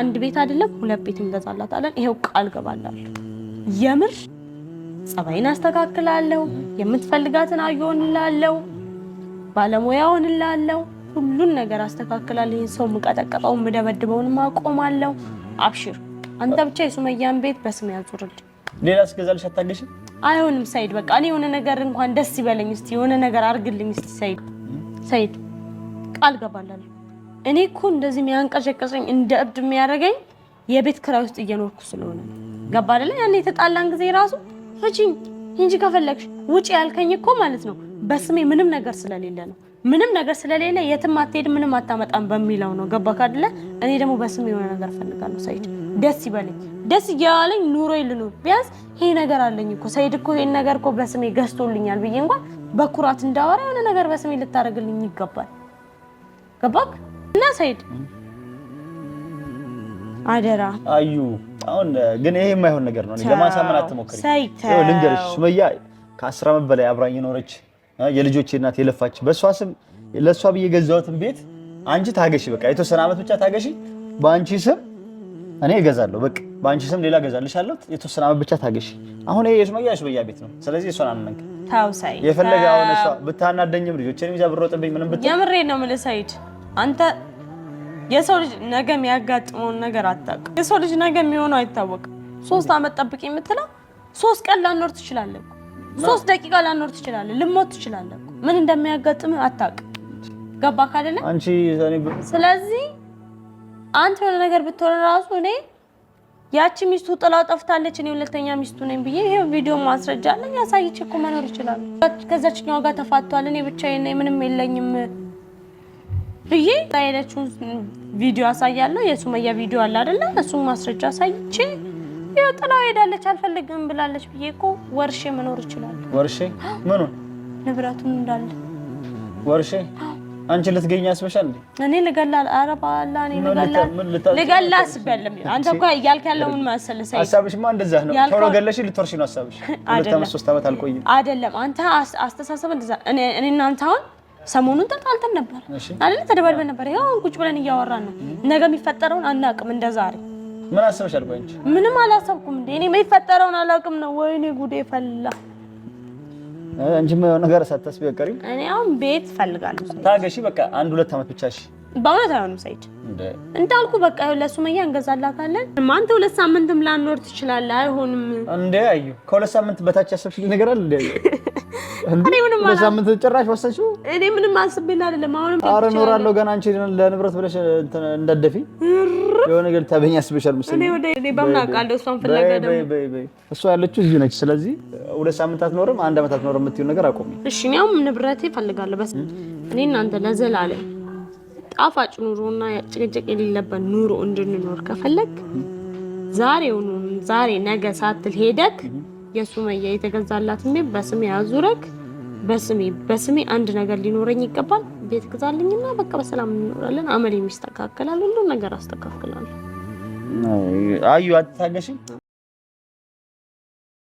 አንድ ቤት አይደለም ሁለት ቤት እንገዛላታለን። ይሄው ቃል ገባላለሁ። የምር ጸባይን አስተካክላለሁ። የምትፈልጋትን አየሆንላለሁ፣ ባለሙያ ሆንላለሁ። ሁሉን ነገር አስተካክላለሁ። ይህን ሰው የምቀጠቀጠው የምደበድበውን ማቆማለሁ። አብሽር፣ አንተ ብቻ የሱመያን ቤት በስም ያዙርልኝ። ሌላ ስገዛልሽ አታገሽም። አይሆንም ሰይድ፣ በቃ እኔ የሆነ ነገር እንኳን ደስ ይበለኝ። እስቲ የሆነ ነገር አርግልኝ እስቲ ሰይድ፣ ሰይድ ቃል ገባላለሁ። እኔ እኮ እንደዚህ የሚያንቀሸቀሸኝ እንደ እብድ የሚያደርገኝ የቤት ክራይ ውስጥ እየኖርኩ ስለሆነ ገባ አይደለ? ያን የተጣላን ጊዜ ራሱ ፍቺኝ እንጂ ከፈለግሽ ውጪ ያልከኝ እኮ ማለት ነው በስሜ ምንም ነገር ስለሌለ ነው። ምንም ነገር ስለሌለ የትም አትሄድ ምንም አታመጣም በሚለው ነው። ገባ ካደለ? እኔ ደግሞ በስሜ የሆነ ነገር ፈልጋለሁ። ሰይድ ደስ ይበለኝ፣ ደስ እያለኝ ኑሮ ይልኑ ቢያንስ ይሄ ነገር አለኝ እኮ ሰይድ እኮ ይሄን ነገር እኮ በስሜ ገዝቶልኛል ብዬ እንኳን በኩራት እንዳወራ የሆነ ነገር በስሜ ልታደርግልኝ ይገባል። ገባክ? እና ሰይድ አደራ አዩ። አሁን ግን ይሄ የማይሆን ነገር ነው። ለማሳመን አትሞክሪ። ልንገርሽ ሱመያ ከአስር ዓመት በላይ አብራኝ የኖረች የልጆቼ እናት የለፋች በእሷ ስም ለእሷ ብዬ የገዛሁትን ቤት አንቺ ታገሺ። በቃ የተወሰነ ዓመት ብቻ ታገሺ። በአንቺ ስም እኔ እገዛለሁ። በቃ በአንቺ ስም ሌላ እገዛልሻለሁ። የተወሰነ ዓመት ብቻ ታገሺ። አሁን ይሄ የሱመያ የሱመያ ቤት ነው። ስለዚህ እሷን አመንክ የፈለገ አሁን እሷ ብታናደኝም ልጆቼንም ይዛ ብሮጥብኝ ምንም ብትል የምሬ ነው የምልህ ሰይድ አንተ የሰው ልጅ ነገ የሚያጋጥመውን ነገር አታውቅም። የሰው ልጅ ነገ የሚሆነው አይታወቅም። ሶስት አመት ጠብቅ የምትለው ሶስት ቀን ላኖር ትችላለህ፣ ሶስት ደቂቃ ላኖር ትችላለህ፣ ልሞት ትችላለህ። ምን እንደሚያጋጥም አታውቅም። ገባ አይደለ? ስለዚህ አንተ የሆነ ነገር ብትሆን ራሱ እኔ ያቺ ሚስቱ ጥላው ጠፍታለች፣ እኔ ሁለተኛ ሚስቱ ነኝ ብዬ ይሄ ቪዲዮ ማስረጃ አለኝ አሳይቼ እኮ መኖር ይችላል። ከዛችኛው ጋር ተፋቷል፣ እኔ ብቻዬን ምንም የለኝም ብዬ ያሄደችውን ቪዲዮ አሳያለሁ። የሱመያ ቪዲዮ አለ አይደለ? እሱን ማስረጃ አሳይቼ ያው ጥላው ሄዳለች አልፈልግም ብላለች ብዬ እኮ ወርሼ መኖር ይችላል። ወርሼ ምኑ ንብረቱን እንዳለ ወርሼ አንቺ ልትገኝ እንዴ? እኔ ልገላል አረባላ እኔ ልገላል ልገላ አስበልም። አንተ እኮ እያልክ ያለው ምን መሰለህ፣ ሀሳብሽማ እንደዛ ነው። ቶሎ ገለሽ ልትወርሺ ነው ሀሳብሽ። ሁለት አመት ሶስት አመት አልቆይም አይደለም። አንተ አስተሳሰብ እንደዛ እኔ እናንተ አሁን ሰሞኑን ተጣልተን ነበር አይደል? ተደባድበን ነበር። ያው ቁጭ ብለን እያወራን ነው። ነገ የሚፈጠረውን አናውቅም። እንደ ዛሬ ምን አሰብሽ ቆይ እንጂ ምንም አላሰብኩም። እንደ እኔ የሚፈጠረውን አላውቅም ነው። ወይኔ ጉዴ ፈላ። እንጂ ምን ነገር ሳታስቢ ቢቀሪ እኔ አሁን ቤት ፈልጋለሁ። ታገሺ፣ በቃ አንድ ሁለት አመት ብቻ። እሺ በእውነት አይሆንም ሰይድ፣ እንዳልኩ በቃ ለሱመያ እንገዛላታለን። አንተ ሁለት ሳምንትም ላኖር ትችላለህ። አይሆንም እንዴ? አዩ ከሁለት ሳምንት በታች ያሰብሽልኝ ነገር አለ እንዴ? ሳምንት ጭራሽ ወሰንሽው? እኔ ምንም አስቤና አይደለም። አሁንም ኧረ እኖራለሁ ገና አንቺ ለንብረት ብለሽ እንዳትደፊ የሆነ ነገር ታበኛ ስብሻል መሰለኝ። እኔ በምን አውቃለሁ? እሷን ፍለጋ ደግሞ እሷ ያለችው እዚሁ ነች። ስለዚህ ሁለት ሳምንት አትኖርም፣ አንድ ዓመት አትኖርም የምትይው ነገር አቆሚ እሺ። እኔም ንብረቴ እፈልጋለሁ። በስ እኔ እናንተ ለዘላለም ጣፋጭ ኑሮና ጭቅጭቅ የሌለበት ኑሮ እንድንኖር ከፈለግ ዛሬውኑ ዛሬ ነገ ሳትል ሄደክ የሱመያ የተገዛላት ቤት በስሜ አዙረክ በስሜ በስሜ አንድ ነገር ሊኖረኝ ይገባል። ቤት ግዛልኝና በቃ በሰላም እንኖራለን። አመል የሚስተካከላል፣ ሁሉ ነገር አስተካክላል። አዩ አትታገሽም።